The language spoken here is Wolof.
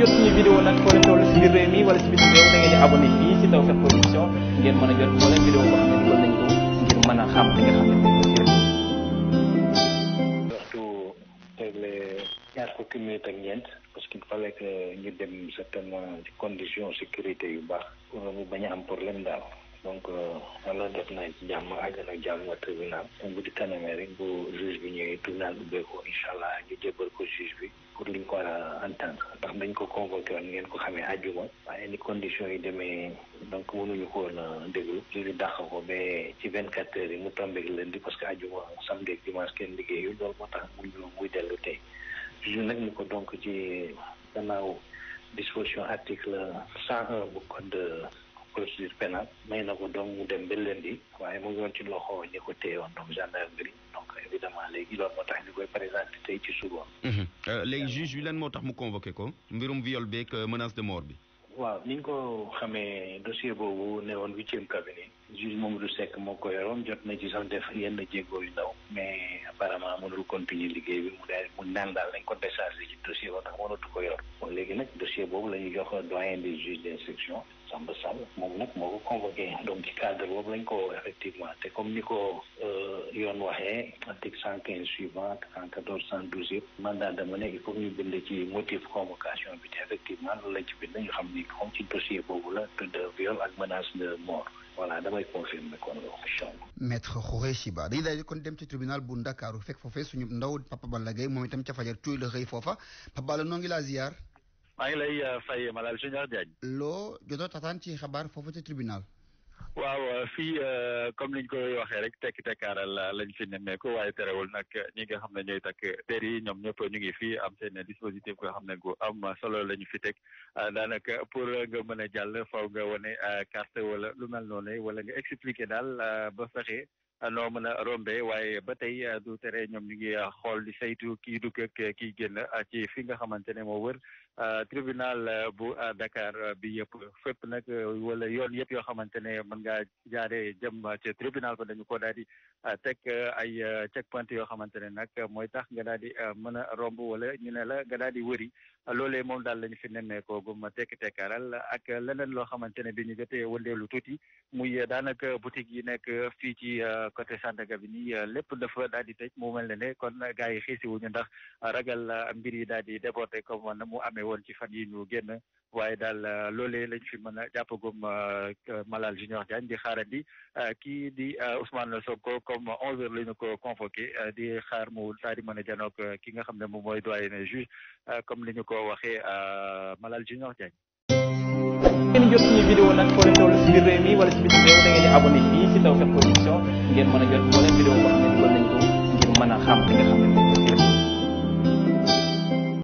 jot suñu vidéo nag foo leen si biir réew mi wala si biir réew ngeen di abonné fii si Tawfekh Production ngeen mën a jot moo leen vidéo ngir mën a xam li xam ne moom lañ waxtu tey parce que il fallait dem certainement condition sécurité yu baax pour mu bañ am problème daal. donc euh, yàlla def na ci jàmm àjjana ak jàmm tribunal bu di kanamee rek bu juge bi ñëwee tribunal ubbeekoo incha allah ñu jébbal ko juge bi pour liñ ko war a entendre dañ ko convoqué ngeen ko xamee àjjuma waaye ni condition yi demee donc mënuñu ko woon a déglu léegi dàq ko ba ci vingt quatre heures yi mu tombeek lundi parce que àjjuma samedi ak dimanche kenn liggéeyul loolu moo tax mu ñu muy dellu tey ñu nag ñu ko donc ci gannaaw disposition la cent un bu code procédure pénale may na ko donc mu dem ba lundi waaye mu ngi woon ci loxo ñi ko téye woon donc gendarmerie donc évidemment léegi loolu moo tax ñu koy présenté tey ci suba. Mhm. Euh, léegi juge bi lan moo tax mu convoqué ko mbirum viol beeg euh, menace de mort bi. waaw ni ñu ko xamee dossier boobu ne woon huitième cabinet juge Mamadou Seck moo ko yoroon jot na ci sax def yenn jéego yu ndaw mais apparemment mënul continuer liggéey bi mu daal mu naan daal ko yor léegi nag dossier boobu la jox doyen des juges d'instruction Samba Sall moom nag moo ko convoqué donc ci cadre boobu lañ ko woo effectivement te comme ni ko euh, yoon waxee article cent quinze suivant cent quatorze cent douze yëpp mandat dama ne il faut ñu bind ci motif convocation bi te effectivement loolu ci bind ñu xam ni comme ci dossier boobu la de viol ak menace de mort voilà damay confirmer kon loolu. maître Khoureyssi Ba dañuy daal kon dem ci tribunal bu Ndakaaru fekk foofee suñu ndaw Papa Balla Gaye moom itam ca fajar cuuy la xëy foofa Papa Balla noo ngi laa ziyaar. maa ngi lay euh, fay Malal Junior Diagne. loo jotoo tataan ci xabaar foofu ci tribunal. waaw euh, fii euh, comme niñ koy waxee rek tekki tekkaaral lañ fi nemmeeku waaye terewul nag ñi nga xam ne ñooy takk der yi ñoom ñëpp ñu ngi fi am seen dispositif nga xam ne gu am solo la ñu fi teg daanaka pour nga mën a jàll faw nga wane carte wala lu mel noonu wala nga expliquer daal ba fexe. noo mën a rombee waaye ba tey euh, du tere ñoom liggéey euh, xool di saytu kii dugg ak kii a euh, ci fi nga xamante ne moo wër tribunal bu Dakar bi yëpp fépp nag wala yoon yëpp yoo xamante ne mën ngaa jaaree jëm ci tribunal ba dañu ko daal di teg ay checkpoint yoo xamante ne nag mooy tax nga daal di mën a romb wala ñu ne la nga daal di wëri loolee moom daal lañu fi nemmeekoo gum tek tekkaaral ak leneen loo xamante ne bi ñu jotee wëndeelu tuuti muy daanaka boutique yi nekk fii ci côté Sandaga bi nii euh, lépp dafa daal di tëj mu mel ne ne kon gars yi xiisi wuñu ndax ragal euh, mbir yi daal di déborder comme na mu amee woon ci fan yi ñu génn waaye daal euh, loolee lañ fi mën a jàppagum Malal Junior Diagne di xaarandi kii di Ousmane Sonko comme onze heures la ñu ko convoqué di xaar mu saa di mën a janoog ki nga xam ne moom mooy doyen juge comme li ñu ko waxee Malal Junior Diagne ngeen jot suñu vidéo nag foo la toll si biir réew mi wala si biir réew da ngeen di abonné fii ngeen mën a jot moo leen ne dugal nañ ko ngir mën a xam li nga xam